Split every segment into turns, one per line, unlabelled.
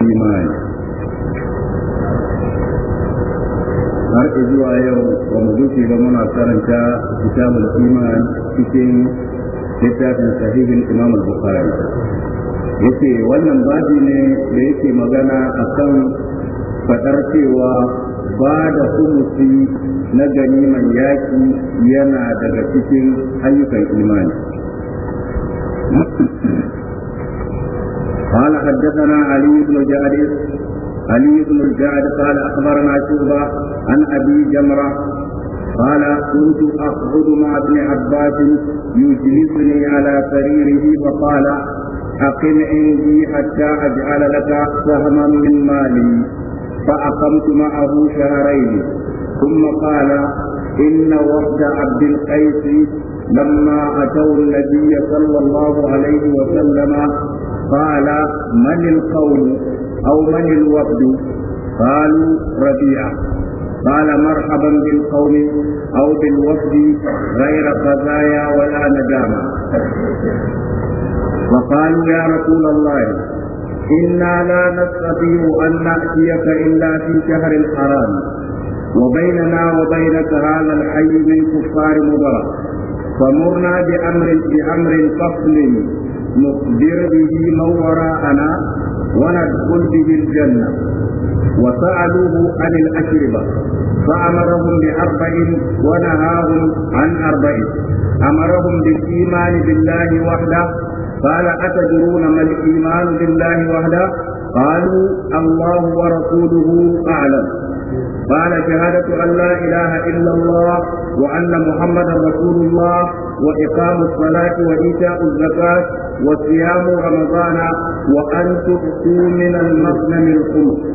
imani har zuwa yau ba mu ba muna karanta kitabul iman cikin littafin sahihin imam al-bukhari yace wannan babi ne da yake magana akan fadar cewa ba da kumusi na ganiman yaki yana daga cikin ayyukan imani قال حدثنا علي بن جعد علي بن الجعد قال اخبرنا شعبه عن ابي جمره قال كنت اخرج مع ابن عباس يجلسني على سريره فقال اقم عندي حتى اجعل لك سهما من مالي فاقمت معه شهرين ثم قال ان وفد عبد القيس لما اتوا النبي صلى الله عليه وسلم قال من القول أو من الوفد قالوا ربيعة قال مرحبا بالقوم أو بالوفد غير قضايا ولا نجامة وقالوا يا رسول الله إنا لا نستطيع أن نأتيك إلا في شهر الحرام وبيننا وبينك هذا الحي من كفار مضر فمرنا بأمر بأمر فصل نخبر به من وراءنا وندخل به الجنة وسألوه عن الأشربة فأمرهم بأربع ونهاهم عن أربع أمرهم بالإيمان بالله وحده قال أتدرون ما الإيمان بالله وحده قالوا الله ورسوله أعلم قال شهادة أن لا إله إلا الله وأن محمدا رسول الله وإقام الصلاة وإيتاء الزكاة وصيام رمضان وأن تؤتوا من المغنم الخمس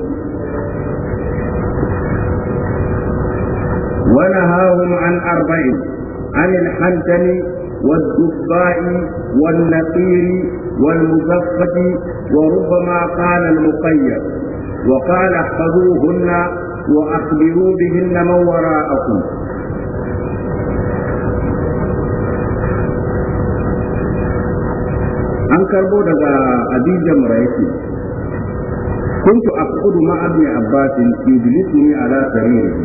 ونهاهم عن أربع عن الحنتم والدباء والنقير والمزفة وربما قال المقيد وقال احفظوهن وأخبروا بهن من وراءكم an karbo daga Adija Muraiki كنت أقعد مع ابن عباس يجلسني على سريره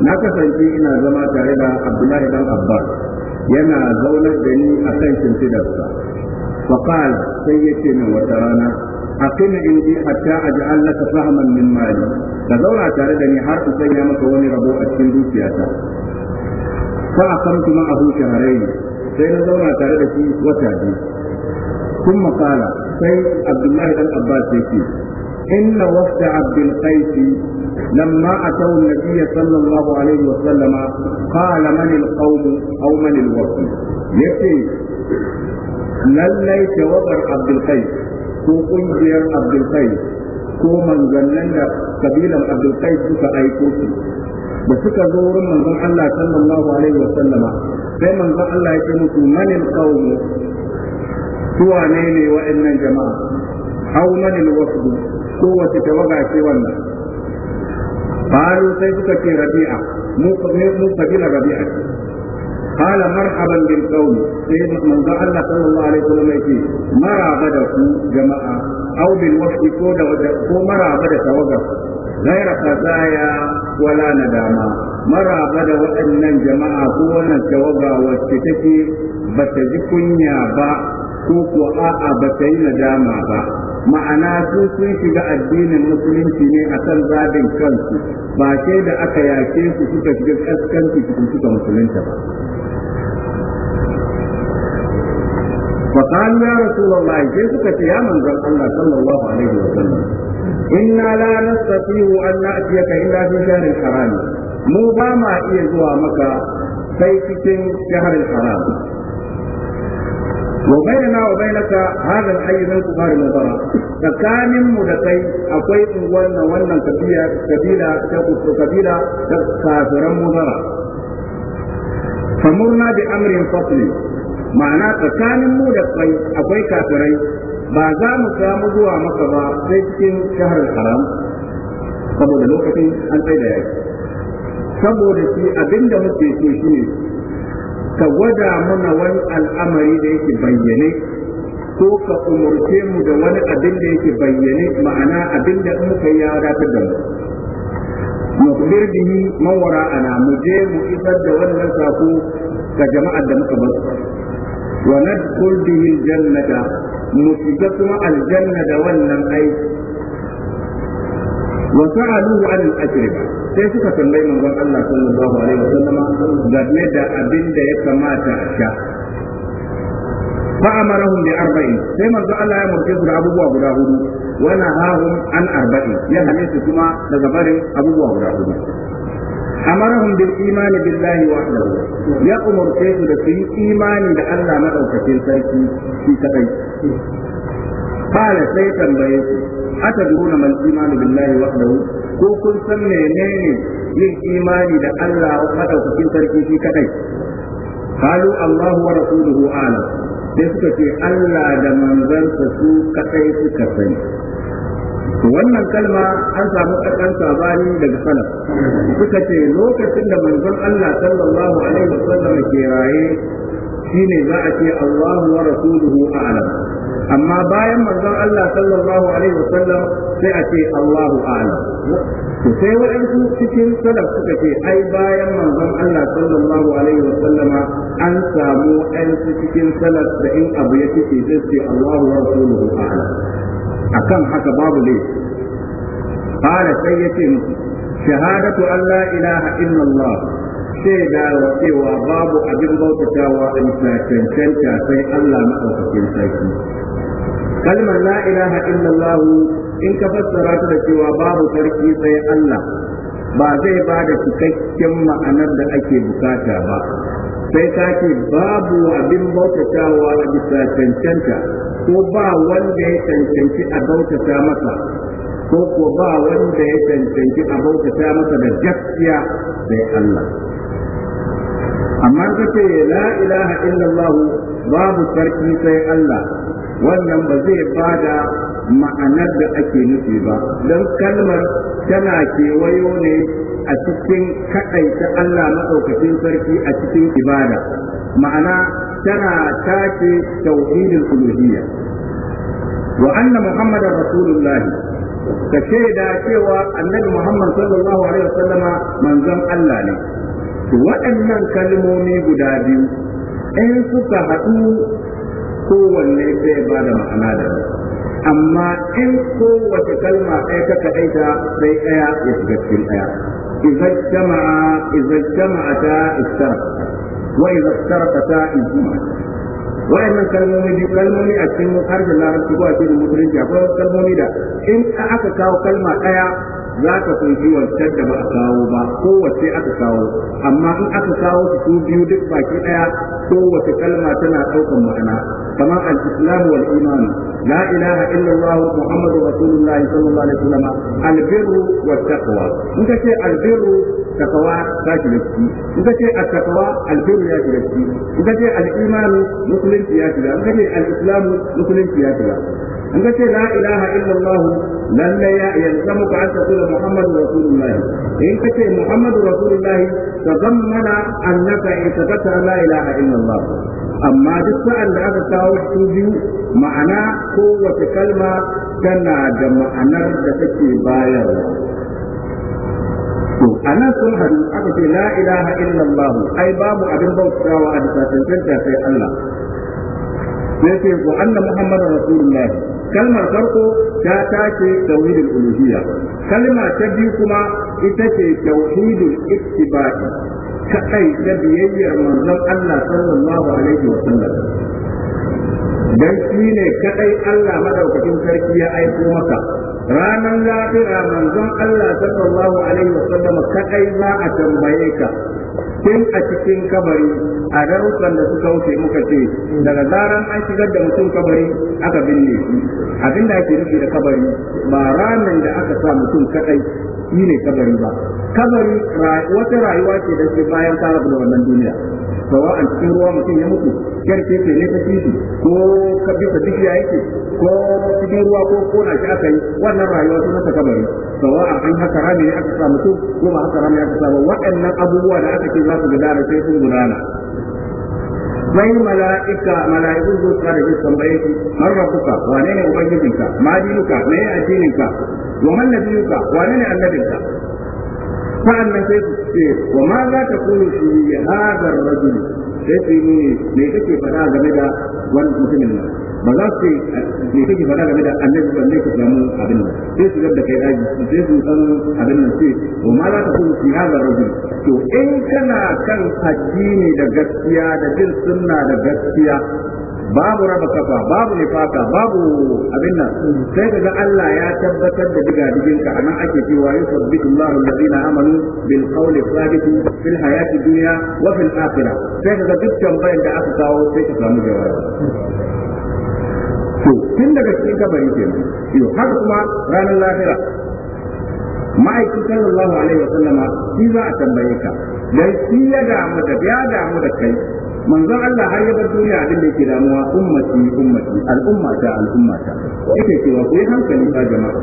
na kasance ina zama tare da Abdullahi dan Abbas yana zaunar da ni a kan shimfidarsa. Fakal sai ya ce min wata rana أقم عندي حتى أجعل لك فهما من مالي فزولا تاردني حرق سيئة مكواني ربو أشكين دوسياتا فأقمت معه شهرين سينا زولا تاردتي وتادي ثم قال سيد عبد الله بن عباس يكي إن وفد عبد القيس لما أتوا النبي صلى الله عليه وسلم قال من القوم أو من الوفد يكي لليت وفد عبد القيس ko kungiyar abdulkai ko manzannin da kabilan abdulkai suka aiko su da suka zo wurin manzon Allah sallallahu alaihi wa sallama sai manzon Allah ya ce musu manil qawmu tuwa ne ne wa'annan jama'a aw manil wafdu ko wace tawaga ce wannan qalu sai suka ce rabi'a mu kabilan rabi'a قال مرحبا بالقوم سيد من ذا الله صلى الله عليه وسلم يقول مرحبا بكم جماعة أو بالوفد كود مرحبا وقف غير خزايا ولا ندامة مرحبا وأن الجماعة هو التوقع والشتكي يا با كوك آآ بتين داما با معنا su في shiga addinin musulunci ne a kan zabin kansu ba sai da aka yake في suka shiga kaskanci فقال يا رسول الله جئتك يا من قال الله صلى الله عليه وسلم إنا لا نستطيع أن نأتيك إلا في شهر الحرام مو ما إيزوا مكة سيكتن شهر الحرام وبيننا وبينك هذا الحي من كفار مضرة فكان مدكي أقوي ون ون كبيرة كبيرة كبيرة كافرا مضرة فمرنا بأمر فصل ma'ana tsakanin mu da kai akwai kafirai ba za mu samu zuwa maka ba sai cikin shahar haram saboda lokacin an tsaye da yaki saboda shi abinda muke so ne, ka gwada mana wani al'amari da yake bayyane ko ka umarce mu da wani abin da yake bayyane ma'ana abin da muka yi ya wadatar da mu nukbir bihi mawara ana mu je mu isar da wannan sako ga jama'ar da muka basu. wa nadkhul bihi aljannata mu shiga kuma aljanna da wannan aiki wa sa'aluhu an al sai suka tambayi manzon Allah sallallahu alaihi wasallama game da abin da ya kamata a sha fa amarahum bi arba'in sai manzo Allah ya murke su abubuwa guda hudu wa nahahum an arba'in ya hane su kuma daga barin abubuwa guda hudu amarahum bil imani billahi wahdahu ya umurce su da su yi imani da Allah madaukakin sarki shi kadai qala sai tambaye su atadruna mal imani billahi wahdahu ko kun san menene yin imani da Allah madaukakin sarki shi kadai qalu Allahu wa rasuluhu a'lam sai suka ce Allah da manzansa su kadai suka sani wannan kalma an samu ƙarƙan sabani daga salaf suka ce lokacin da manzon Allah sallallahu alaihi wasallam ke raye shine za a ce Allahu wa rasuluhu a'lam amma bayan manzon Allah sallallahu alaihi wasallam sai a ce Allahu a'lam to sai waɗansu cikin salaf suka ce ai bayan manzon Allah sallallahu alaihi sallama an samu ɗansu cikin salaf da in abu ya fice sai ce Allahu wa rasuluhu a'lam akan haka babu ne qala sai yake musu shahadatu Allah la ilaha illallah sai da cewa babu abin bautawa a bisa cancanta sai Allah na maɗaukakin sarki kalmar la ilaha illallah in ka fassara ta da cewa babu sarki sai Allah ba zai ba da cikakken ma'anar da ake bukata ba sai ka ce babu abin bautawa a bisa cancanta ko ba wanda ya cancanci a bautata masa ko ko ba wanda ya cancanci a bautata masa da gaskiya sai Allah amma kace la ilaha illallah babu sarki sai Allah wannan ba zai bada ma'anar da ake nufi ba don kalmar tana kewayo ne a cikin kaɗaita Allah maɗaukacin sarki a cikin ibada ma'ana tana take tauhidin uluhiyya wa anna muhammadar rasulullahi ce shaida cewa annabi muhammad sallallahu alaihi wasallama manzon Allah ne to waɗannan kalmomi guda biyu in suka haɗu kowanne zai ba da ma'ana da amma in kowace kalma ɗaya ta kaɗaita sai ɗaya ya shiga cikin ɗaya إذا اجتمع إذا اجتمعتا wa idza tarqata izma wayannan kalmomi biyu kalmomi a cikin harshen larabci ko a cikin musulunci akwai wasu kalmomi da in aka kawo kalma ɗaya za ka kunshi wancan da ba a kawo ba ko kowace aka kawo amma in aka kawo su biyu duk baki ɗaya kowace kalma tana ɗaukan ma'ana kamar al-islam wal iman la ilaha illallah muhammadu rasulullah sallallahu alaihi wasallam al-birru wat taqwa in ka ce al-birru takawa za ki da ciki in ka ce takawa al ya ki da ciki in ka ce al musulunci ya ki da in ka ce al-islam musulunci ya ki da in ka ce la ilaha illallah lalle ya yalzamu ka an taqula muhammadu rasulullah in ka ce muhammadu rasulullah tazammana annaka ittaqata la ilaha illallah amma duk sa'an da aka kawo su biyu ma'ana kowace kalma tana da ma'anar da take bayarwa to anan sun hadu aka ce la ilaha illallah ai babu abin bautawa a bisa tantance sai Allah sai ce wa anna muhammadar rasulullah kalmar farko ta take tauhidul uluhiyya kalma ta biyu kuma ita ce tauhidul ittiba'i kadai da biyayyar manzon Allah sallallahu alaihi wa sallam dan shi ne Allah madaukakin sarki ya aiko maka ranar lafiya manzon Allah sallallahu alaihi wasallam kadai za a tambaye ka tun a cikin kabari a darussan da suka wuce muka ce daga zaran an shigar da mutum kabari aka binne shi abinda ake nufi da kabari ba ranar da aka sa mutum kadai shi ne kabari ba kabari wata rayuwa ce da ke bayan ka da wannan duniya sawa an cikin ruwa mutum ya mutu kyarke ce ne ta titi ko ka bisa ya yake ko cikin ruwa ko kona shi aka yi wannan rayuwa sun ta kabari sawa an haka rami ne aka sa mutum ko ba haka rami aka sa ba waɗannan abubuwa da aka ake za su gudana sai sun gudana mai mala'ika mala'iku zo su da jikin tambaye shi man rabbuka wane ne ubangijinka ma me ne addininka wa man nabiyuka wane ne annabinka sa'an nan sai su ce wa ma za ta kunu shi hadar rajul sai su yi ne me kake faɗa game da wani mutumin nan ba za su ne eh, kake faɗa game da annabi ban ne ka samu abin nan sai su da kai daji sai su san abin nan sai wa ma za ta kuma fi hada rajul to in kana kan addini da gaskiya da bin sunna da gaskiya babu raba kafa babu nifaka babu abin nan sai kaga Allah ya tabbatar da diga digin ka anan ake cewa yusabbitu Allahu alladhina amanu bil qawli thabit fil hayati dunya wa fil akhirah sai kaga dukkan bayan da aka kawo sai ka samu jawabi to tun daga cikin kabari nan yo haka kuma ranar lahira ma'aikin sallallahu alaihi wa sallama shi za a tambaye ka dai shi ya damu da ya damu da kai manzon Allah har ya bar duniya abin da yake damuwa ummati ummati al'umma ta al'umma ta yake cewa ku yi hankali ba jama'a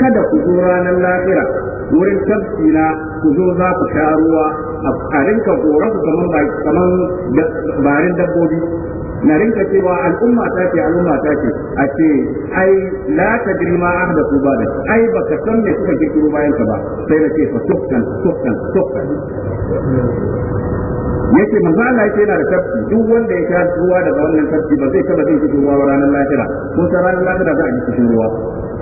kada ku zo ranar lahira wurin tafsira ku zo za ku sha ruwa a rinka gora ku kaman barin dabbobi na rinka cewa al'umma ta ce al'umma ta ce a ce ai la a da ba da ai ba ka san me kuka kirkiro bayan ka ba sai na ce fa tukkan tukkan tukkan Ya ce manzo Allah yake yana da tafki duk wanda ya sha ruwa daga wannan tafki ba zai taba jin ruwa ranar lahira ko ta ranar lahira za a ji ruwa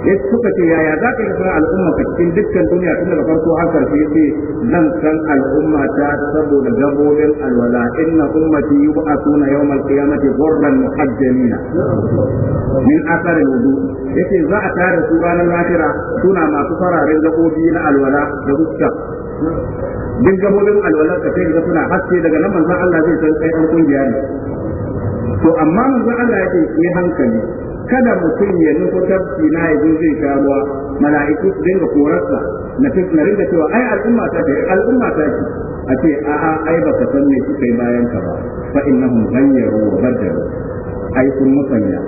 ya suka ce yaya za ka yi al'umma ka cikin dukkan duniya tun daga farko har karshe yace zan san al'umma ta saboda gabobin alwala inna ummati yub'atuna yawmal qiyamati ghurran muhajjalina min athar wudu yace za a tare su ranar lahira suna masu fararen gabobi na alwala da fuska duk gabobin alwala ka sai ga suna haske daga nan manzon Allah zai san kai dan kungiya ne to amma manzon Allah yake yi hankali kada mutum ya nufo tafki na ya zai sha ruwa mala'iku su dinga korarsa na na ringa cewa ai al'umma ta ce al'umma ta ce a ce a'a ai ba ka san me suka yi bayan ka ba fa innahum ghayyaru wa badalu ai sun musanya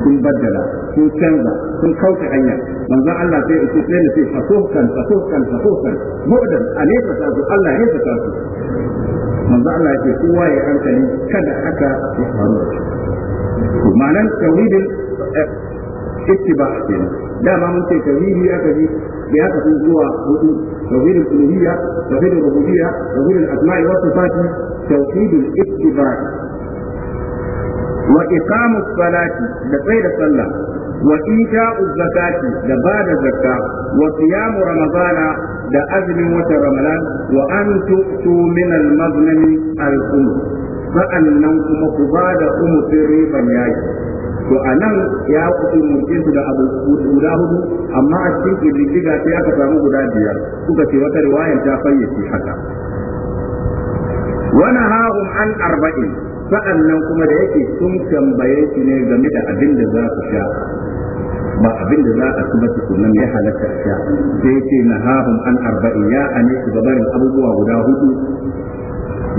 sun baddala sun canza sun kauce hanya manzo Allah sai ya sai ne sai fasuhkan fasuhkan fasuhkan mu'dan alayka ta su Allah ya ta su manzo Allah ya ce kowa ya hankali kada haka ya faru ma'anar tawhidin Eh, ittiba kenan dama mun ce tauhidi ya gaji da haka sun zuwa hudu tauhidul uluhiyya tauhidul rububiyya tauhidul asma'i wa sifati tauhidul ittiba wa iqamus salati da da sallah wa ita'u zakati da bada zakka wa siyamu ramadana da azumin watan ramadan wa an tu'tu min al-maghnami al-qum sa'annan kuma ku bada umusin riban yaki to a nan ya kuɗi mulkin su da abu guda hudu amma a cikin kididdiga sai aka samu guda biyar suka ce wata riwayar ta fayyace haka wani ha'un an arba'in sa'an nan kuma da yake sun tambaye shi ne game da abin da za su sha ba abin da za a ci ba tukunan ya halatta sha sai ce na hahun an arba'in ya ane su gabarin abubuwa guda hudu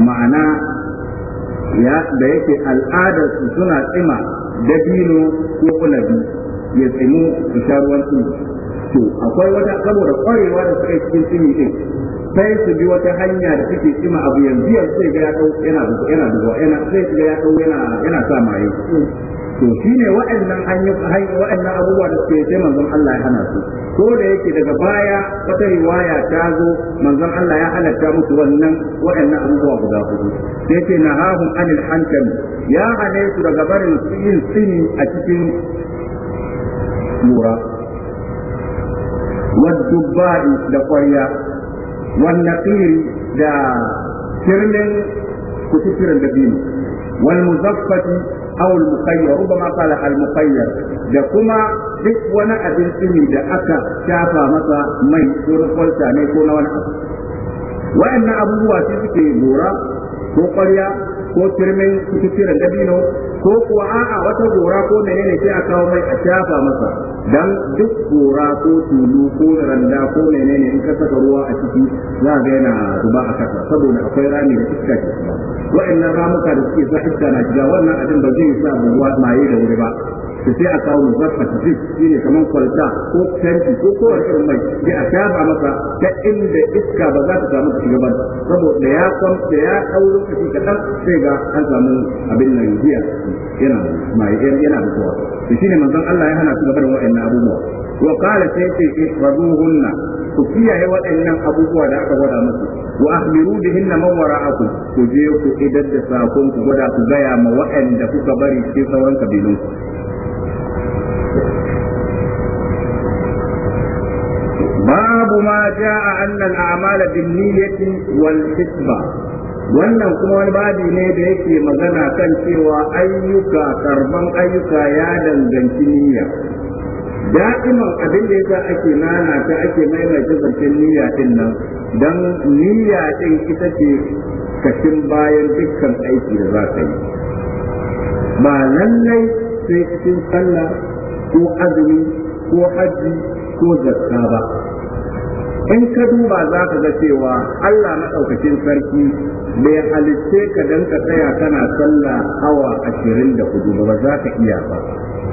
ma'ana ya da yake al'adarsu su suna tsima dabino ko kula bi ya tsimu su sha ruwan tsimi to akwai wata saboda kwarewa da suka cikin tsimi din sai su bi wata hanya da suke tsima abu yanzu yanzu sai ga ya dau yana yana yana sai ya dau yana yana sa maye to shine waɗannan waɗannan abubuwa da suke sai manzon Allah ya hana su ko da yake daga baya wata riwaya ta zo manzon Allah ya halatta musu wannan wa'annan abubuwa guda hudu sai ce na nahahum anil hankal ya hane su daga barin yin tsini a cikin mura والدباء دقريا والنقير دا شرل كتشر الدبين والمزفة aw al-muqayyar rubama da kuma duk wani abin tsini da aka shafa masa mai ko na ne ko na wani abu wa'annan abubuwa suke gora ko ƙwarya ko firmin kututturen dabino ko kuwa a'a wata gora ko menene sai a kawo mai a shafa masa dan duk gora ko tulu ko randa ko menene in ka saka ruwa a ciki za ga yana zuba a kasa saboda akwai rami da wa'annan ramuka da suke sa iska na shiga wannan abin ba zai sa ruwa maye da wuri ba da sai a kawo muzaffa tafi shi ne kamar kwalta ko tanki ko kowane irin mai sai a shafa masa ta inda iska ba za ta samu shiga ba saboda ya kwamta ya ɗau lokaci kaɗan sai ga an samu abin nan giya yana mai yana fitowa to shine manzon Allah ya hana su gaba da waɗannan abubuwa wa qala sai ce ihfazuhunna eh, ku kiyaye waɗannan abubuwa da aka gwada musu wa ahmiru na mawara wara'akum ku je ku idan da sakon ku gwada ku gaya ma waɗanda kuka bari ke sauran kabilun babu ما جاء annal a'mala bin niyyati wannan kuma wani babi ne da yake magana kan cewa ayyuka karban ayyuka ya danganci niyya da'iman abin da yasa ake nana ta ake maimaita zancen niyya din nan dan niyya din ita ce kashin bayan dukkan aiki da za ka yi ba lallai sai cikin sallah ko azumi ko hajji ko zakka ba in ka duba za ka ga cewa Allah maɗaukakin sarki bai halitte ka dan ka tsaya kana sallah awa ashirin da hudu ba za ka iya ba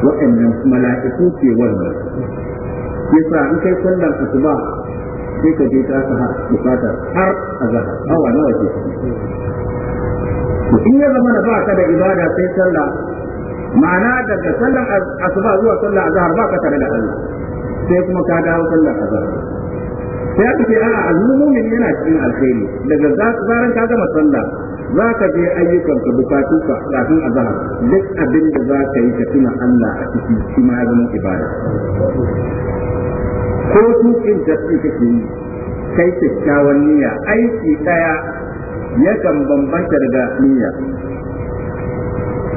waɗannan mala'iku ke wannan sa in kai sallar asuba sai ka je ka sa bukatar har azhar awa nawa ke. to in ya zama da ba ka da ibada sai sallah ma'ana daga sallar asuba zuwa sallar azhar ba ka tare da Allah sai kuma ka dawo sallar azhar sai aka ce a'a al-mu'min yana cikin alkhairi daga zaran ka gama sallah za ka je ayyukan ka bukatu ka kafin azhar duk abin da za ka yi ka tuna Allah a cikin shi ma ya zama ibada ko tukin da kake yi kai kyakkyawan niyya aiki daya kan bambanta daga niyya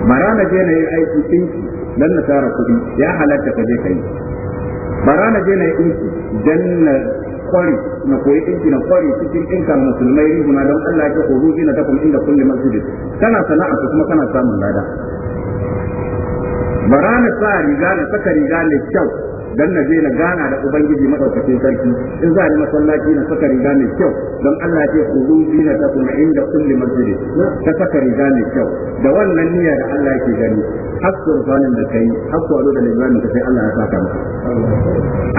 bara na je na yi aiki ɗinki dan na tara kuɗi ya halatta ka je ka yi bara na je na yi ɗinki dan na kwari na koyi dinki na kwari cikin na musulmai riguna don Allah ya ko ruhi na kuma inda kulli masjid kana sana'a kuma kana samun lada barana sa riga da saka riga mai kyau dan na je na gana da ubangiji madaukakin sarki in za ni masallaci na saka riga mai kyau don Allah ya ce khudhu zinatakum inda kulli masjid ta saka riga mai kyau da wannan niyya da Allah yake gani hakkur zanin da kai hakku ado da limamin ka sai Allah ya saka maka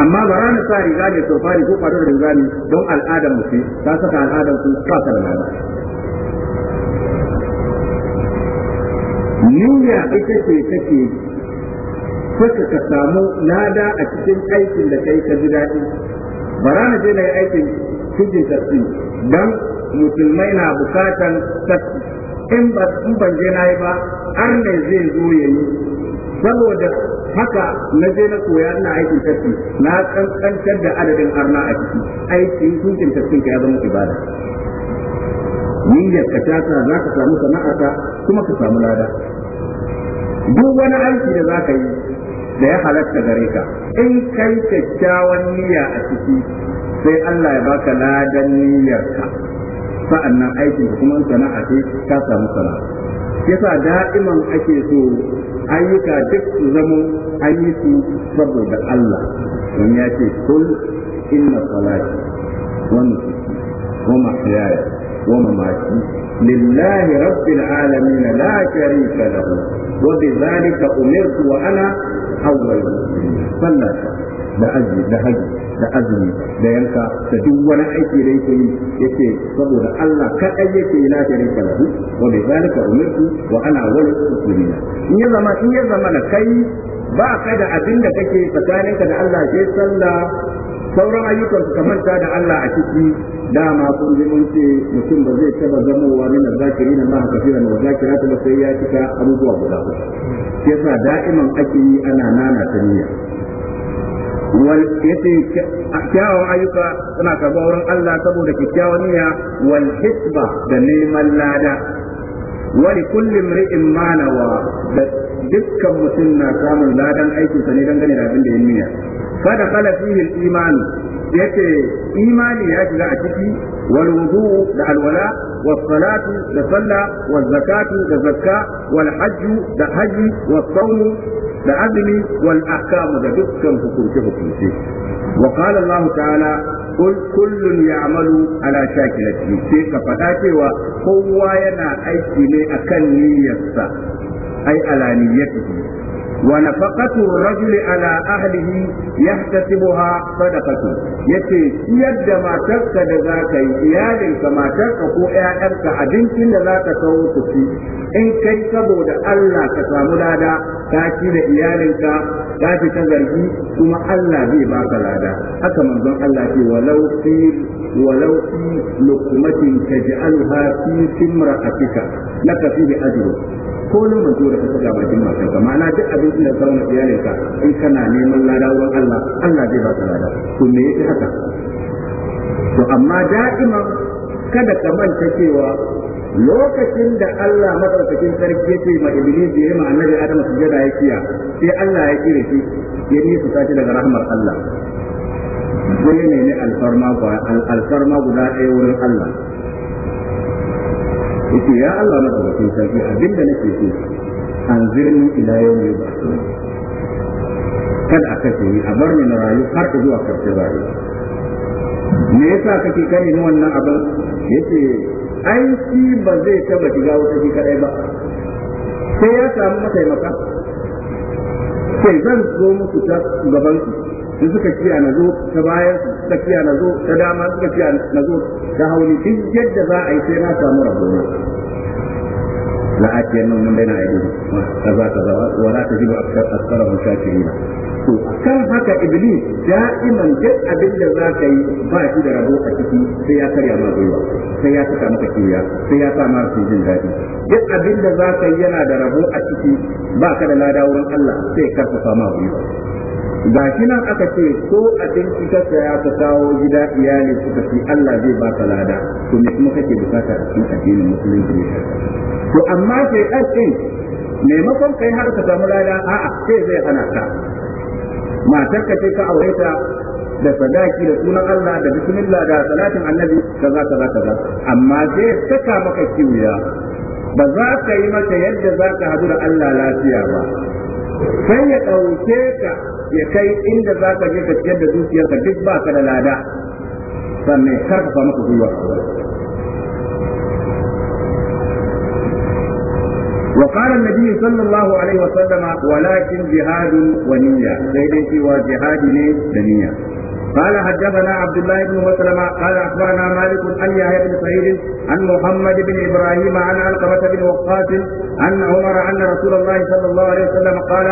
amma ba ranar sa riga mai to ko ado da limamin don al'adar mu ce ka saka al'adar ku ka saka niyya ita ce take suka ka samu lada a cikin aikin da kai ka ji daɗi ba na je na yi aikin cikin tafi don musulmai na bukatan tafi in ban je na yi ba har ne zai zo ya yi saboda haka na je na koya ina aikin tafi na kankantar da adadin arna a ciki aikin cikin tafi ka ya zama ibada niyyar ka ta za ka samu sana'arka kuma ka samu lada duk wani aiki da za ka yi da ya halatta gare ka in kai kyakkyawan niyya a ciki sai Allah ya baka ladan niyyarka sa'annan aikin kuma sana'a ce ka samu sana'a yasa da'iman ake so ayyuka duk su zamo an yi su saboda Allah don ya ce kul inna salati wa nusuki wa mahyaya wa mamaki lillahi rabbil alamin la sharika lahu wa bi dhalika umirtu wa ana awwal sallah da aji da haji da azumi da yanka da duk wani aiki da yake yi yake saboda Allah kadai yake yi lafiya rika lahu wa bi zalika umirtu wa ana wal muslimina in ya zama in ya zama na kai ba ka da abin da kake tsakaninka da Allah sai sallah sauran ayyukan ka manta da Allah a ciki dama kun ji mun ce mutum ba zai taba zamowa min zakiri na ma kafira na zakira ta sai ya cika abubuwa guda uku Ke sa da'iman ake yi ana nana ta niyya wal yace kyawawan ayyuka suna karɓa wurin Allah saboda kyakkyawan niyya wal hisba da neman lada wani kullum ri'in manawa da dukkan mutum na samun ladan aikinsa ne dangane da abin da ya niyya fa da kala fihi al-iman yace imani ya shiga a ciki wal wudu da alwala was salatu da Sallah, wal zakatu da zakka wal hajj da haji was sawm da azmi wal ahkam da dukkan hukunce hukunce wa qala Allah ta'ala kul كل ya'malu ala شاكلته sai ka faɗa cewa kowa yana aiki ne akan niyyarsa ai alaniyatihi ونفقة الرجل على أهله يحتسبها صدقة يتي يد ما تلك ذاك إيالك ما تلك هو إيالك أدنك لا تكوت إن كي سبود ألا تسام لادا تاكي لإيالك تاكي تزرقي ثم ألا بي باك لادا حتى من ذن الله ولو في ولو في لقمة تجعلها في سمرأتك لك فيه أجر ko na mutu da kasa ga bakin matan ka ma'ana duk abin da samu iyalin ka in kana neman lada wurin Allah Allah zai ba ka lada to me yake haka to amma da'iman kada ka manta cewa lokacin da Allah madaukakin sarki yake ma iblis yayi ma annabi adam sujada ya kiya sai Allah ya kire shi ya nisa tashi daga rahmar Allah ne ne alfarma guda ɗaya wurin Allah yake ya Allah na daga cikin sarki abinda nake so zirni ila ba yub'athun kada a kashe ni a bar ni na rayu har zuwa ba rayuwa me yasa kake kare ni wannan abin yace ai shi ba zai taba shiga wata shi kadai ba sai ya samu mataimaka sai zan zo muku ta gaban ku suka kiya na zo ta bayan suka kiya na zo ta dama suka kiya na zo ta hauli duk yadda za a yi sai na samu rabona la na min ta za ta zawa wa la tajibu akthar akthar shakirin to kan haka iblis da'iman duk abin da za ka yi ba shi da rabo a ciki sai ya karya ma gwiwa sai ya saka maka kiyaye sai ya sa ma su jin daɗi duk abin da za ka yi yana da rabo a ciki ba ka da lada wurin Allah sai karfafa ma gwiwa ga shi nan aka ce ko abinci ta saya ka kawo gida iyali suka ce Allah zai ba ka lada to me kuma kake bukata a cikin addinin musulunci to amma sai ɗan maimakon kai har ka samu lada a'a sai zai hana ka matar ka ce ka aure ta da sadaki da sunan Allah da bismillah da salatin annabi kaza kaza kaza amma sai saka maka kiwiya ba za ka yi mata yadda za ka hadu da Allah lafiya ba sai ya ɗauke ka ya kai inda za ka je ka ciyar da zuciyarka duk ba ka da lada sannan kar ka samu kuɗi وقال النبي صلى الله عليه وسلم ولكن جهاد ونية سيدي وجهاد ونية قال حدثنا عبد الله بن مسلم قال اخبرنا مالك عن يحيى بن سعيد عن محمد بن ابراهيم عن علقمة بن وقاص أن عمر أن رسول الله صلى الله عليه وسلم قال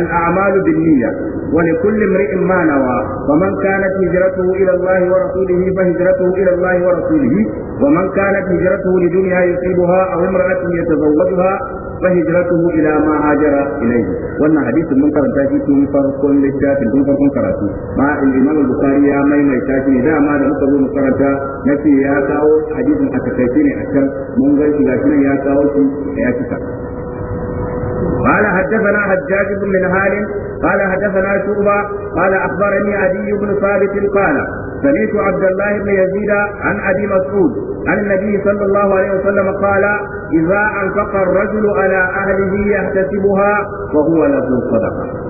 الأعمال بالنية ولكل امرئ ما نوى فمن كانت هجرته إلى الله ورسوله فهجرته إلى الله ورسوله ومن كانت هجرته لدنيا يصيبها أو امرأة يتزوجها فهجرته إلى ما هاجر إليه وأن حديث من قرأت في من فرق للشاف من فرق قرأته مع الإمام البخاري يا مي مي شافي إذا ما لم تكن قرأت نفي يا كاو حديث أتكيتني أكثر من غير شيء يا كاو يا كاو قال حدثنا حجاج بن منهال قال حدثنا شعبة قال أخبرني عدي بن ثابت قال سمعت عبد الله بن يزيد عن أبي مسعود عن النبي صلى الله عليه وسلم قال إذا أنفق الرجل على أهله يحتسبها وهو له صدقة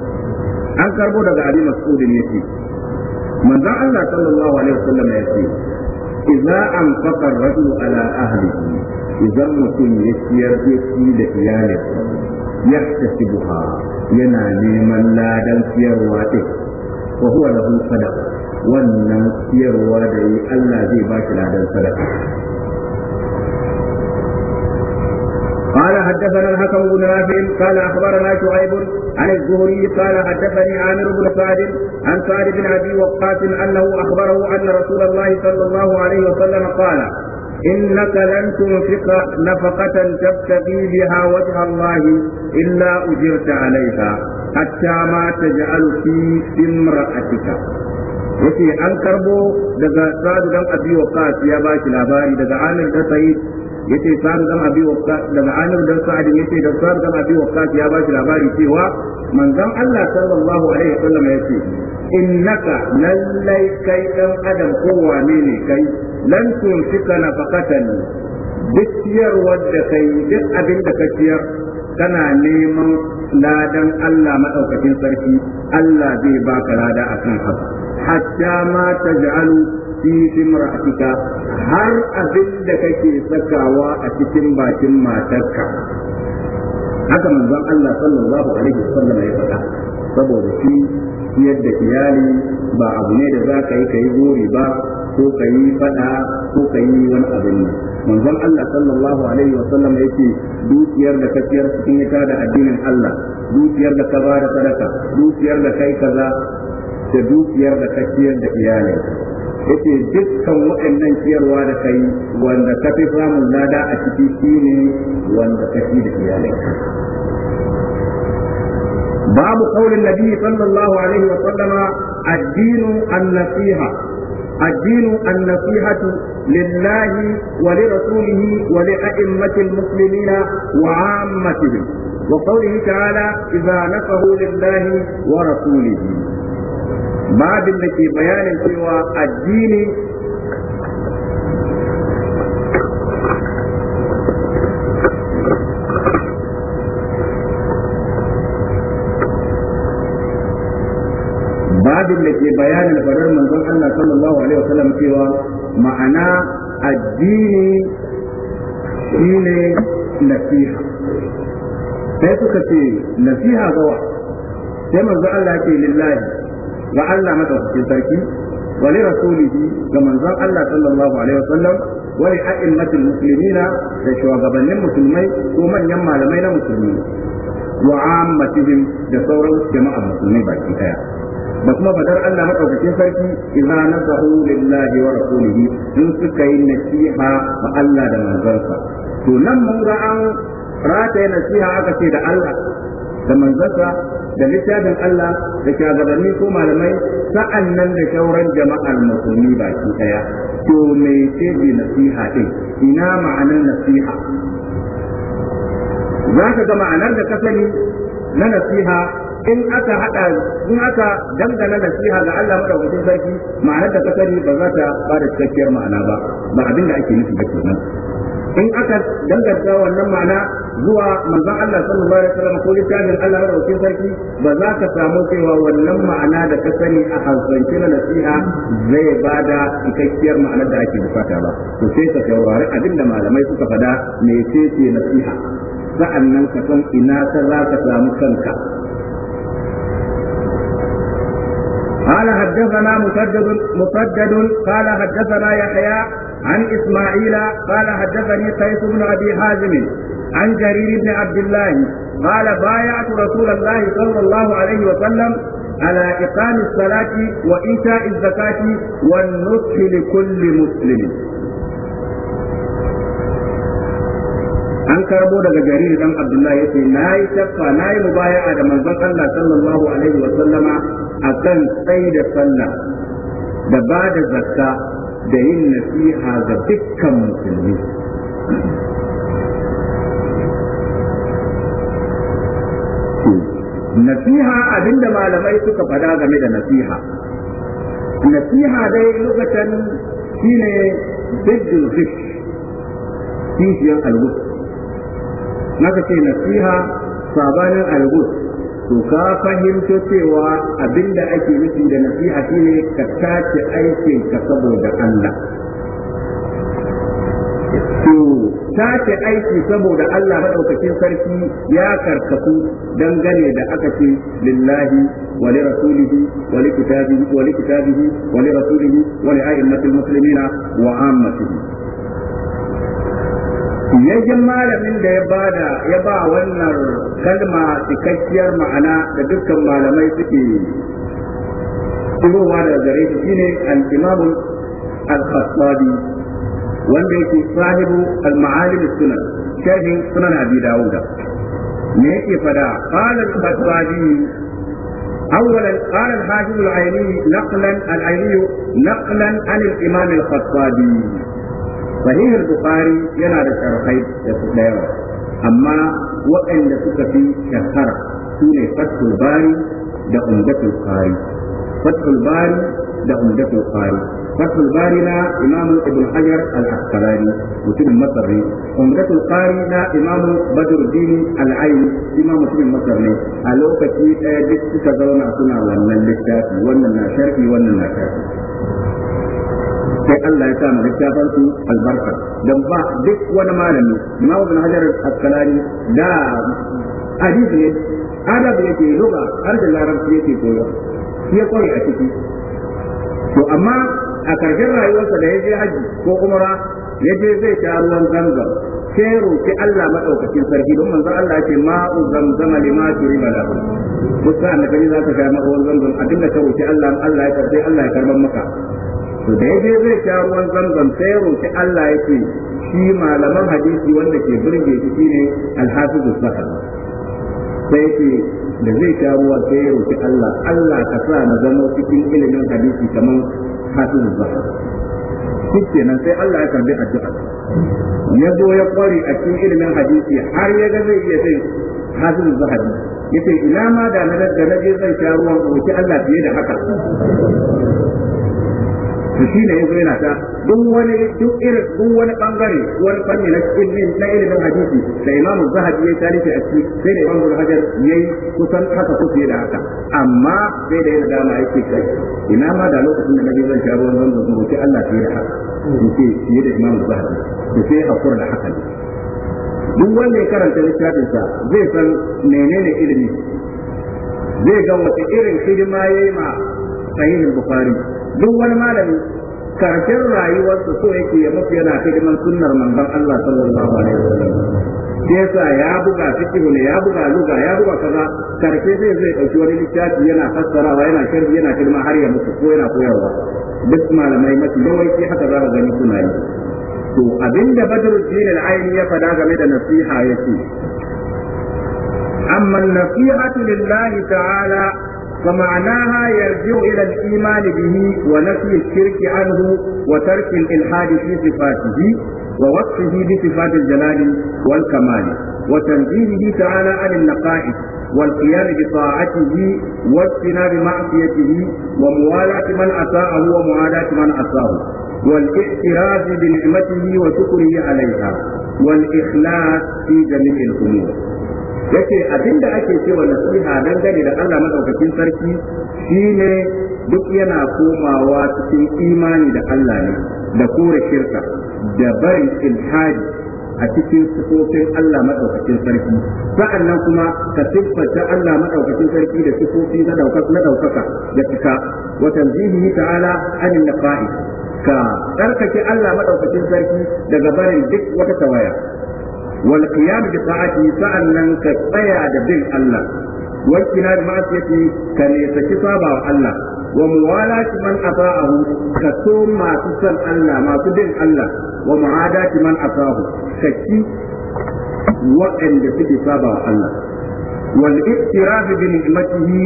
an karbo daga abi mas'udin yace manzon Allah sallallahu alaihi wasallam yace idza anfaqa ar-rajulu ala ahlihi idan mutum ya ciyar da iyali يكتسبها yana من لا siyarwa din وهو له lahu sadaqa wannan siyarwa da yi Allah zai ba shi ladan sadaqa قال حدثنا الحكم بن رافع قال اخبرنا شعيب عن الزهري قال حدثني عامر بن سعد عن سعد بن ابي وقاص انه اخبره ان رسول الله صلى الله عليه وسلم قال إنك لن تنفق نفقة تبتغي بها وجه الله إلا أجرت عليها حتى ما تجعل في امرأتك yace an karbo daga sadu a abi waqas ya bashi labari daga amir sa'id yace sa'ad dan abi waqqas daga amir dan sa'ad yace da sa'ad dan abi waqqas ya bashi labari cewa manzon Allah sallallahu alaihi wasallam yace innaka lallai kai dan adam ko wane ne kai lan tunfika nafaqatan duk ciyarwar da kai duk abin da ka ciyar kana neman ladan Allah madaukakin sarki Allah zai baka lada akan haka hatta ma taj'alu fi imra'atika har abin da kake sakawa a cikin bakin matarka haka manzon Allah sallallahu alaihi wasallam ya faɗa saboda shi yadda iyali ba abu ne da za ka yi ka yi gori ba ko ka yi faɗa ko ka yi wani abu. nan manzon Allah sallallahu alaihi wasallam yake dukiyar da ka ciyar cikin ita da addinin Allah dukiyar da ka ba da sadaka dukiyar da kai kaza da dukiyar da ka da iyalinka yace dukkan waɗannan ciyarwa da kai wanda ka fi samun lada a ciki shine wanda ka fi da iyalai babu qaulin nabi sallallahu alaihi wa sallama addinu an-nasiha الدين النصيحة لله ولرسوله ولأئمة المسلمين وعامتهم وقوله تعالى إذا نصحوا لله ورسوله babin da ke bayanin cewa addini babin da ke bayanin farar manzon Allah sallallahu alaihi wasallam cewa ma'ana addini shine nasiha sai suka ce nasiha gawa sai manzon Allah ke lillahi ga Allah madaukakin sarki wa li rasulihi ga manzon Allah sallallahu alaihi wasallam wa li a'immatil muslimina da shugabannin musulmai ko manyan malamai na musulmi wa ammatihim da sauran jama'a musulmai baki daya Ba kuma fadar Allah madaukakin sarki idza nasahu lillahi wa rasulihi in suka yi nasiha ma Allah da sa. to nan mun ga an rataye nasiha aka ce da Allah da manzansa da littafin Allah da shagabanni ko malamai sa'an nan da shauran jama'ar musulmi baki daya to me ce nasiha din ina ma'anar nasiha za ka ga ma'anar da ka sani na nasiha in aka hada in aka dangana nasiha ga Allah madaukakin sarki ma'anar da ka sani ba za ta da cikakkiyar ma'ana ba ba abin da ake nufi ba kenan in aka dangantawa wannan ma'ana zuwa manzon Allah sallallahu alaihi wasallam ko littafin Allah da wakil sarki ba za ka samu cewa wannan ma'ana da ka sani a hansance na nasiha zai bada cikakkiyar ma'anar da ake bukata ba to sai ka saurari abinda malamai suka faɗa me ce ce nasiha sa'annan ka san ina ta za ka samu kanka قال حدثنا مسدد مسدد قال حدثنا يحيى عن اسماعيل قال حدثني قيس بن ابي حازم عن جرير بن عبد الله قال بايعت رسول الله صلى الله عليه وسلم على إقام الصلاة وإيتاء الزكاة والنصح لكل مسلم an karbo daga jariri dan abdullahi yace nayi taffa nayi mubaya'a da manzon Allah sallallahu alaihi wa sallama akan sai da sallah da ba da zakka da yin nasiha ga dukkan musulmi ce nasiha abinda malamai suka faɗa game da nasiha nasiha dai lokacin shine biddul ghish kishiyar algus naka ce nasiha sabanin algus to ka fahimta cewa abinda ake nufi da nasiha shine ka tace aikin ka saboda Allah ta ce aiki saboda Allah madaukakin sarki ya karkasu dangane da aka ce lillahi wa li rasulihi wa li kitabihi wa li kitabihi wa li rasulihi wa li a'immatil muslimina wa ammatihi malamin da ya bada ya ba wannan kalma cikakkiyar ma'ana da dukkan malamai suke shigowa da gare shi shine al-imam al-khattabi wanda yake sahibu al-ma'alim sunan sharhin sunan abi dawuda me yake fada qala al-fatwadi اولا قال الحاجب العيني نقلا العيني نقلا عن الامام الخطابي صحيح البخاري ينال شرحي يتسليوا اما وان سكتي شهر سوره فتح الباري ده عمدة البخاري فتح الباري da umdatul qari fatul bari na imam ibn hajar al asqalani mutumin masar ne umdatul qari na imam badruddin al aini imam mutumin masar a lokaci ɗaya duk suka zauna suna wannan littafi wannan na sharhi wannan na sharhi sai Allah ya sa mu littafin su albarka dan ba duk wani malami imam ibn hajar al asqalani da hadisi ne adab yake lugha har da larabci yake koyo shi ya koyi a ciki to amma a karshen rayuwarsa da ya je haji ko umara ya je zai ta ruwan zamzam sai roƙi Allah madaukakin sarki don manzo Allah ce ma'u zamzama lima turiba la kusa na gani za ka ga ruwan zamzam a dinga ta roƙi Allah Allah ya karbe Allah ya karban maka to da ya je zai sha ruwan zamzam sai ya Allah ya ce shi malaman hadisi wanda ke burge shi shine al-hafiz sai ce da zai kawo sai ya roki Allah Allah ka sa na zama cikin ilimin hadisi kamar hafiz zahar shikenan sai Allah ya karbi addu'a ya zo ya kware a cikin ilimin hadisi har ya ga zai iya sai hafiz zahar yace ina ma da na da na je zan sha ruwan roki Allah fiye da haka to shi ne yanzu yana ta duk wani duk irin duk wani bangare wani fanni na ilimin na ilimin hadisi da Imam Zahabi ya tarihi a ciki sai da Imam Hajar yayi kusan haka ko fiye da haka amma sai da yana dama yake kai ina ma da lokacin da nabi zan sha ruwan zan zan roki Allah fiye da haka yake fiye da Imam Zahabi to sai hakura da haka duk wanda ya karanta sa zai san menene ilimi zai ga wata irin hidima yayi ma sahihin Bukhari duk wani malami karshen rayuwarsa so yake ya mafi yana hidiman sunnar manzon Allah sallallahu alaihi wasallam yasa ya buga fikihu ne ya buga luga ya buga kaza karshe zai zai dauki wani littafi yana fassarawa yana sharhi yana hidima har ya mutu ko yana koyarwa duk malamai mafi yawanci haka za ka gani suna yi to abinda badruddin al-aini ya fada game da nasiha yake amma nasihatu lillahi ta'ala فمعناها يرجع إلى الإيمان به ونفي الشرك عنه وترك الإلحاد في صفاته ووصفه بصفات الجلال والكمال وتنزيهه تعالى عن النقائص والقيام بطاعته واجتناب معصيته وموالاة من أساءه ومعاداة من أساءه والاعتراف بنعمته وشكره عليها والإخلاص في جميع الأمور yace da ake cewa nasiha dan gani da Allah madaukakin sarki shine duk yana komawa cikin imani da Allah ne da kore shirka da barin ilhadi a cikin sifofin Allah madaukakin sarki sa'annan kuma ka siffata Allah madaukakin sarki da sifofi na daukaka da cika wa tanzihi ta'ala anin naqa'i ka tsarkake Allah madaukakin sarki daga barin duk wata tawaya wal qiyam bi ta'ati sa'annan ka tsaya da bin Allah wal kinar ma'asiyati ka ne saki saba Allah wa muwalati man ata'ahu ka so masu san Allah masu bin Allah wa mu'adati man ata'ahu ka ki waɗanda suke sabawa Allah wal iktiraf bi ni'matihi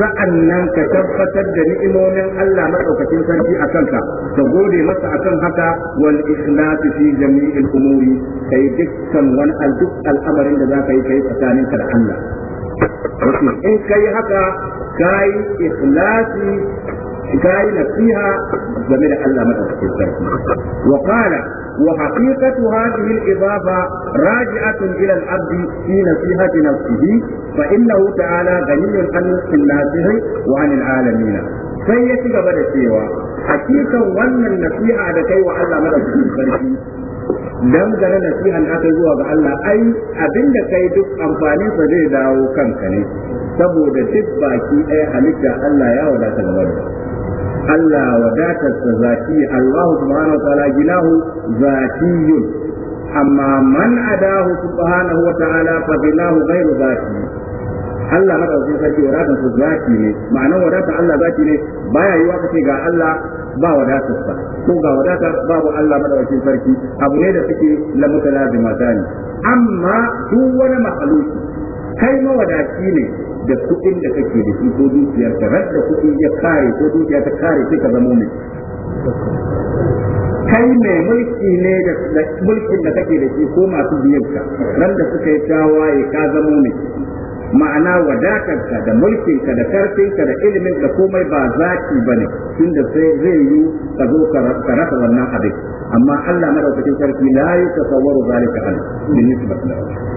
sa'annan ka tabbatar da ni'imomin Allah madaukakin sarki a kanka ka gode masa akan haka wal ikhlas fi jami'il umuri kai dukkan wani duk al'amarin da zaka yi kai tsakaninka da Allah in kai haka kai ikhlasi كاي نصيحة زميل الله مدرسة وقال وحقيقة هذه الإضافة راجعة إلى العبد في نصيحة نفسه فإنه تعالى غني عن الناس وعن العالمين sai ya ci gaba da cewa hakikan wannan nasiha da kai wa Allah madaukakin sarki dan gane nasihan aka zuwa ga Allah ai abinda kai duk amfani sa zai dawo kanka ne saboda duk baki ɗaya halitta Allah ya wadata gaba da Allah wadatarsa zati Allah subhanahu wa ta'ala ginahu zatiyun amma man adahu subhanahu wa ta'ala fa ginahu ghairu zati Allah madaukakin sarki wadatar su zaki ne ma'anar wadatar Allah zaki ne baya yi wa kace ga Allah ba wadatar sa ko ga wadatar babu Allah madaukakin sarki abu ne da suke la mutalazima ne amma duk wani makhluki kai mawadaci ne da kuɗin da kake da shi ko dukiyar ka da kuɗi ya kare ko dukiya ta kare sai ka zama mai kai mai mulki ne da mulkin da kake da shi ko masu biyarka ran da suka yi tawaye ka zama mai ma'ana ka da mulkin ka da ka da ilimin da komai ba zaki ba ne tunda sai zai yi ka zo ka rasa wannan abin amma Allah madaukakin sarki la yi tasawwaru zalika an bin nisbati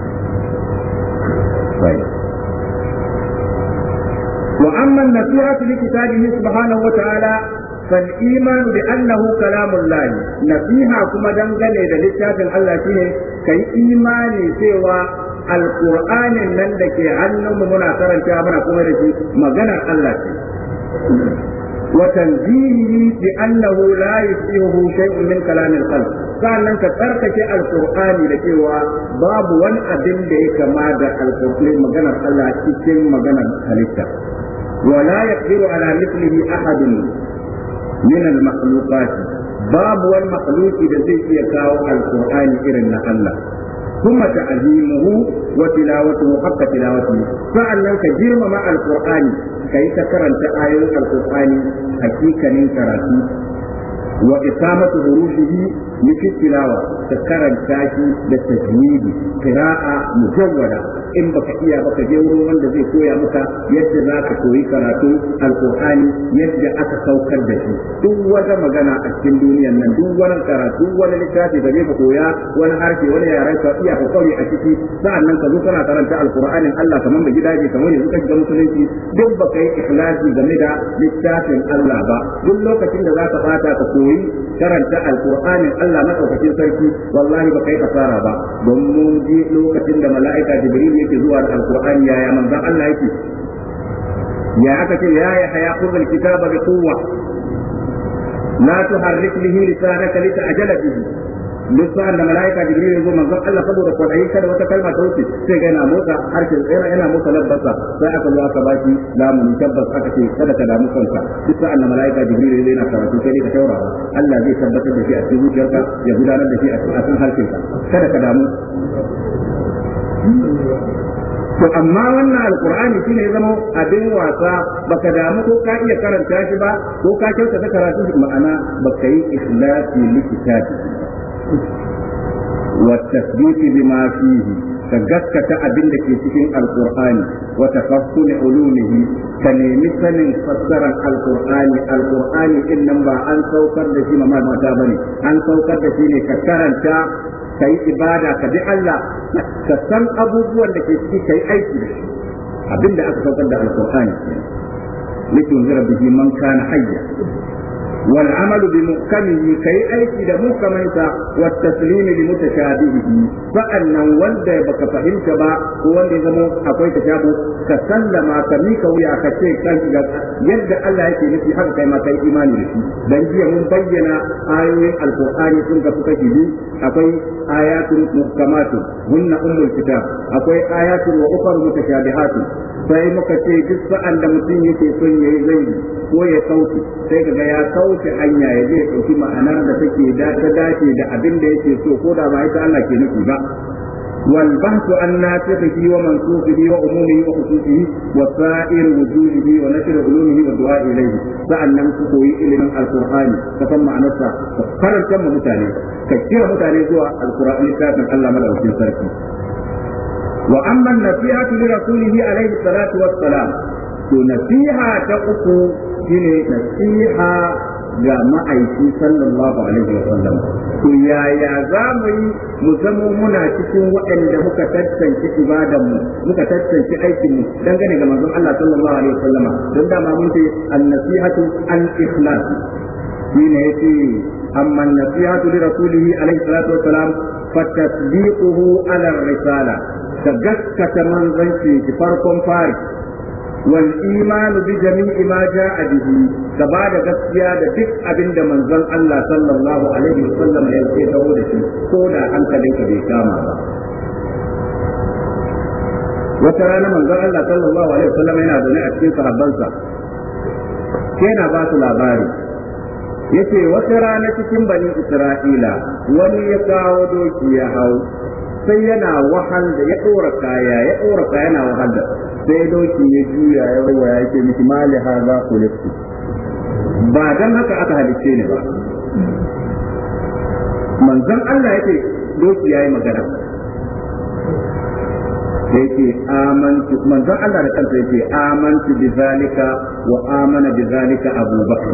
kwaye. Wa’amman na tura su liki ta jini su bahana wata ala, fal iman da annahu kalamun na fiha kuma dangane da littafin Allah shi ne, ka yi imani cewa alƙur'anin nan da ke hannunmu muna karanta muna kuma da shi magana Allah ce. Wa tanzihi bi annahu la yusihu shay'un min kalamil khalq. sannan ka tsarkake alkur'ani da cewa babu wani abin da ya kama da alkur'ani maganar Allah cikin maganar halitta wala yaqdiru ala mithlihi ahadun min al-makhluqat babu wani makhluqi da zai iya kawo alkur'ani irin na Allah kuma ta azimuhu wa tilawatu haqqa tilawati sa'annan ka girmama alkur'ani kai ta karanta ayoyin alkur'ani hakikanin karatu wa isamatu hurufihi nufin tilawa da karanta shi da tajwidi qira'a mujawwada in baka iya baka je wurin wanda zai koya maka yadda za ka koyi karatu alkur'ani yadda aka saukar da shi duk wata magana a cikin duniyan nan duk wani karatu wani littafi da zai koya wani harshe wani yaren ka iya ka kware a ciki sa'annan ka zo kana karanta alkur'anin Allah kamar da gidaje kamar yanzu ka shiga musulunci duk baka yi ikhlasi game da littafin Allah ba duk lokacin da za ka bata ka koyi karanta alkur'anin Allah Allah madaukakin sarki wallahi ba kai kasara ba don mu je lokacin da mala'ika Jibril yake zuwa da Alqur'ani yaya manzon Allah yake ya aka ce ya ya haya kowa? kitaba bi quwwa la tuharrik bihi lisanaka litajala bihi duk sa'an da malaika jibril ya zo manzon Allah saboda kwadayi kada wata kalma ta wuce sai ga yana motsa harshen yana yana motsa labbasa sai aka zo aka baki lamun tabbas aka ce kada ka damu kanka duk sa'an da malaika jibril ya zo yana karatu sai dai ka taurara Allah zai tabbatar da shi a cikin zuciyarka ya gudanar da shi a cikin harshen ka kada ka damu to amma wannan alkur'ani shine ya zama abin wasa baka damu ko ka iya karanta shi ba ko ka kyauta ta karatu ma'ana baka yi ikhlasi likitabi والتصديق بما فيه كجسكة أبن في سكين القرآن وتفصل علومه كنيمسا فسر القرآن القرآن إنما أن سوكر لشي ما متابني أن سوكر لشي كترن شاء كي إبادة كبي الله كسن أبوه لكي سكي كي أيكي أبن أكثر القرآن لتنذر به من كان حيا wal amalu bi ka yi aiki da muhkaminsa wa taslim bi mutashabihi fa'annan wanda baka fahimta ba ko wanda ya zama akwai tashabu ka sallama ka mika wuya ka ce kan yadda Allah yake nufi haka kai ma kai imani da dan jiya mun bayyana ayoyin alqur'ani sun ga suka biyu akwai ayatun muhkamatun hunna ummul kitab akwai ayatun wa ukhra mutashabihatun sai muka ce duk sa'an da mutum yake son yayi zai ko ya sauke sai kaga ya sauke hanya ya je dauki ma'anar da take da ta dace da abin da yake so ko da ba ita Allah ke nufi ba والبحث عن ناسخه ومنسوخه وعمومه وخصوصه وسائر وجوده ونشر علومه والدعاء اليه sa'annan ku koyi ilimin alqur'ani ka san ma'anarsa ka karanta mutane ka kira mutane zuwa alqur'ani kafin Allah madaukakin sarki wa amma nasihatu li rasulihi alaihi salatu wassalam to nasiha ta uku shine nasiha ga ma'aiki sallallahu alaihi wa sallam to yaya za mu yi mu zamo muna cikin waɗanda muka tattance ibadan mu muka tattance aikin mu dangane ga manzon Allah sallallahu alaihi wa sallam don dama mun ce an-nasihatu al-ikhlas shine yace amma an-nasihatu li rasulihi alaihi salatu wa salam fatasdiquhu ala ar-risala ka gaskata manzanci ki farkon fari wal iman bi jami'i ma ja'a bihi ka ba da gaskiya da duk abin da manzon Allah sallallahu alaihi wasallam ya ce da shi ko da hankalin ka bai kama ba wata rana manzon Allah sallallahu alaihi wasallam yana zaune a cikin sahabbansa yana ba su labari yace wata rana cikin bani Isra'ila wani ya kawo doki ya hau sai yana wahal da ya dora kaya ya dora kaya yana wahal da sai doki ya juya ya waiwaya yake miki mali hadha kuliftu ba dan haka aka halice ne ba manzon Allah yake doki yayi magana sai ce amantu manzon Allah da kansa yake amantu bi zalika wa amana bi zalika Abu Bakr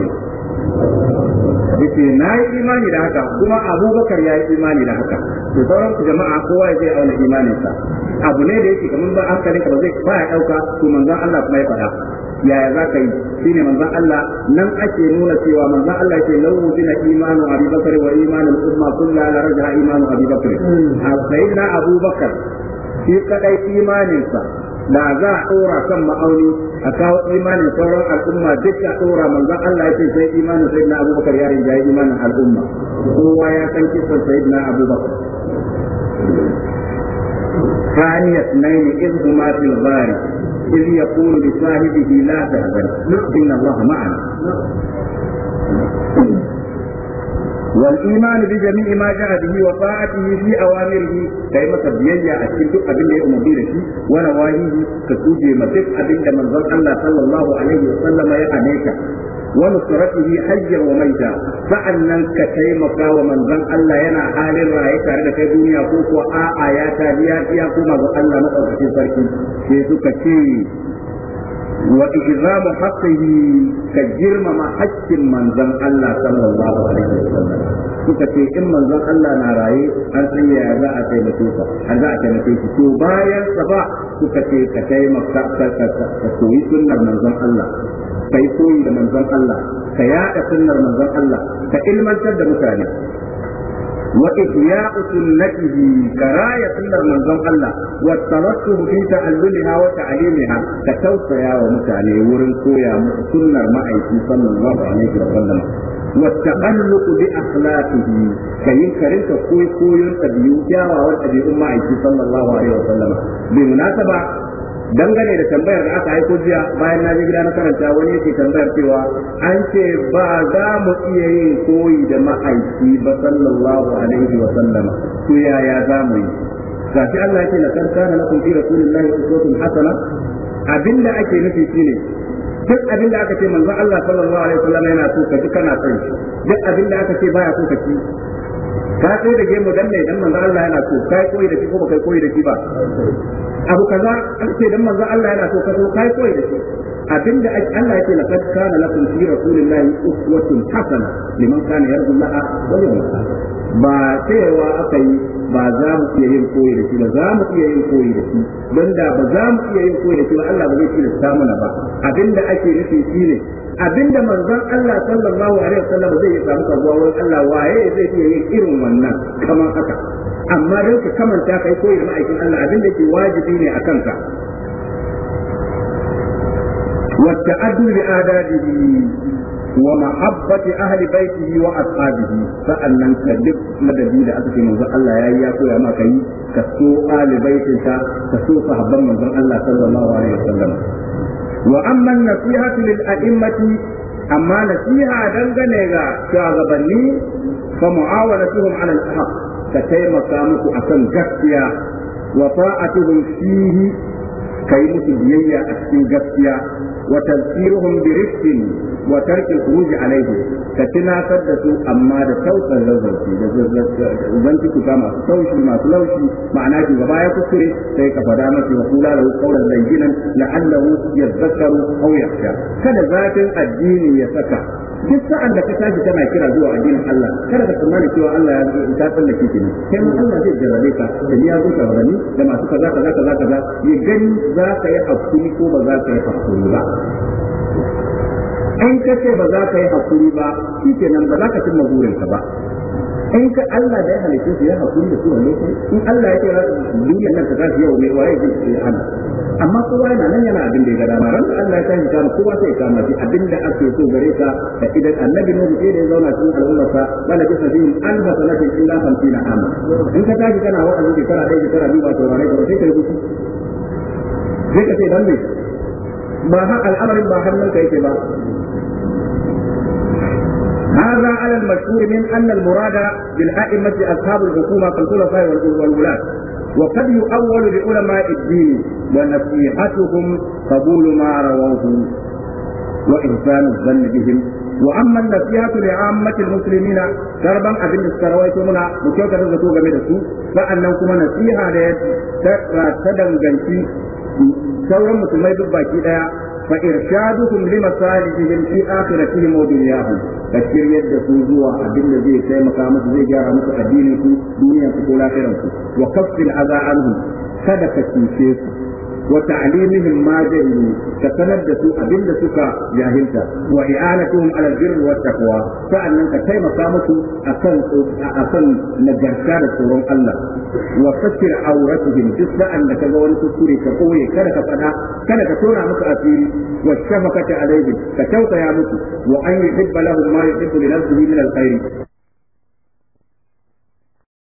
yake na yi imani da haka kuma Abu Bakar ya yi imani da haka to sauran jama'a kowa zai auna imaninsa abu ne da yake kamar ba hankalin ka ba zai ba ya dauka to manzon Allah kuma ya faɗa yaya za ka yi shine manzon Allah nan ake nuna cewa manzon Allah yake lawu bina imanu Abi wa imanu umma kullu lara raja'a imanu Abi Bakr hmm. sayyidina Abu Bakar shi kadai imaninsa da za a tsora kan ma'auni a kawo imanin sauran al'umma duk da tsora manzon Allah yake sai imanin na Abubakar ya jayi imanin al'umma kowa ya san kisan na Abubakar ثاني اثنين إذ هما في الغار إذ يقول لصاحبه لا تحزن إن الله معنا والإيمان بجميع ما جاء به وطاعته في أوامره كما تبين يا أكيد أبن لي أمبير شيء ونواهيه كسوجي مسك أبن من ظن الله صلى الله عليه وسلم يا أنيك ونصرته حيا وميتا فأنا كتيمك ومن ظن الله ينا حال رأي تارد في دنيا فوق وآآياتا بياتيا كما ظن الله نقص في فرقه كيسو كتير wa ihzamu haqqihi ka girmama haƙƙin manzon Allah sallallahu alaihi wasallam suka ce in manzon Allah na raye an san yaya za a taimake ka an za a taimake shi to bayan sa kuka ce ka taimaka ka koyi sunnar manzon Allah kai koyi da manzon Allah ka yada sunnar manzon Allah ka ilmantar da mutane Waɗu ya ukunna, karaya sunan manzon Allah, wasu samartun fita allihina wata aliyamiya, ka tausaya wa mutane wurin koya musulman ma'aikatan sannan zama alayyahu da sallama, wacce kan mu ku bi asana su ka yi koyon tsabiyu kyawawan tsabiyu ma'aikatan sannan zama alayyahu da sallama, mu na dangane da tambayar da aka haiko jiya bayan na je gida na karanta wani yake tambayar cewa an ce ba za mu iya yin koyi da ma'aiki ba sallallahu alaihi wa sallama to yaya za mu yi gashi Allah yake na kan kana lakum fi rasulillahi uswatun hasana abinda ake nufi shine duk abin da aka ce manzo Allah sallallahu alaihi sallama yana so ka ji kana son duk abin da aka ce baya so ka ci ka sai da gemu dan ne dan manzo Allah yana so kai koyi da shi ko baka koyi da shi ba abu kaza an ce dan manzo Allah yana so ka so kai koyi da shi abinda Allah yake laqad kana lakum fi rasulillahi uswatun hasana liman kana yarju Allah wal yawmal akhir ba cewa aka yi ba za mu iya yin koyi da shi ba za mu iya yin koyi da shi don da ba za mu iya yin koyi da shi ba Allah ba zai ta mana ba abinda ake nufi shine abinda manzon Allah sallallahu alaihi wasallam zai yi samu kabuwa wurin Allah waye zai iya yin irin wannan kamar haka amma don ka kamanta kai koyi da ma'aikin Allah abinda ke wajibi ne a kanka wa ta'addu bi adadihi ومحبة أهل بيته وأصحابه فأنن كذب مددي da aka ce manzon Allah ya yi ya koya maka yi ka so ahli baitin ka ka so sahabban manzon Allah sallallahu alaihi wasallam wa amma nasihatu lil a'immati amma nasiha dangane ga shugabanni fa mu'awalatuhum ala al-haq ka taimaka musu akan gaskiya wa ta'atuhum fihi kai musu biyayya a cikin gaskiya wa tazkiruhum bi wa tarki a alaihi ka tunatar da su amma da saukan zazzarci da ci kusa masu saushi masu laushi ma'ana ki gaba ya kuskure sai ka fada masa wa kula da kaulan ya zakaru yadhakkaru ya yakhsha kada zafin addini ya saka duk sa'an da ka tashi kana kira zuwa addinin Allah kada ka tsammani cewa Allah ya ta sallaki ki ne kai ma Allah zai jarrabe ka da ni ya zo tawarani da masu kaza kaza kaza kaza ya gani za ka yi hakuri ko ba za ka yi hakuri ba in ka ce ba za ka yi hakuri ba shi kenan ba za ka cimma burinka ba in ka Allah da ya halitta su ya hakuri da su wanne in Allah ya ce duniyar nan ta za su yau mai waye zai yi amma kowa yana nan yana abin da ya gada Allah ya yi kama kowa sai kama shi abin da ake so gare ka da idan annabi ne da ya zauna cikin al'ummar sa wala bi sabiin alba sanatin illa na ama in ka tashi kana wa'azi shekara ɗaya shekara biyu ba saurare ka sai yi Zai ka ce dan ba ha al'amarin ba hannun ka yake ba هذا على المشهور من أن المراد بالأئمة أصحاب الحكومة كالخلفاء والولاة وقد يؤول لعلماء الدين ونصيحتهم قبول ما رووه وإحسان الظن بهم وأما النصيحة لعامة المسلمين دربا أبن السروات منا مكيوكا تزدو غمي دسو فأنه كما نصيحة لتتدن جنسي ciki sauran musulmai duk baki daya fa irshaduhum li masalihihim fi akhiratihim wa dunyahum da shiryar da su zuwa abin da zai taimaka musu zai gyara musu addinin su duniyar su ko lafiyar su wa kafil aza anhum kada ka cuce su wa ta'limihim ma jahilu ka sanar da su abinda suka jahilta wa i'anatuhum ala albirri wat taqwa sa'annan ka taimaka musu akan akan nagarta da tsoron Allah wa fatir auratuhum duk sa'an da kaga wani kuskure ka koye kada ka fada kada ka tona musu asiri wa shafaqata alaihim ka tausaya musu wa an yuhibba lahum ma yuhibbu li nafsihi min alkhair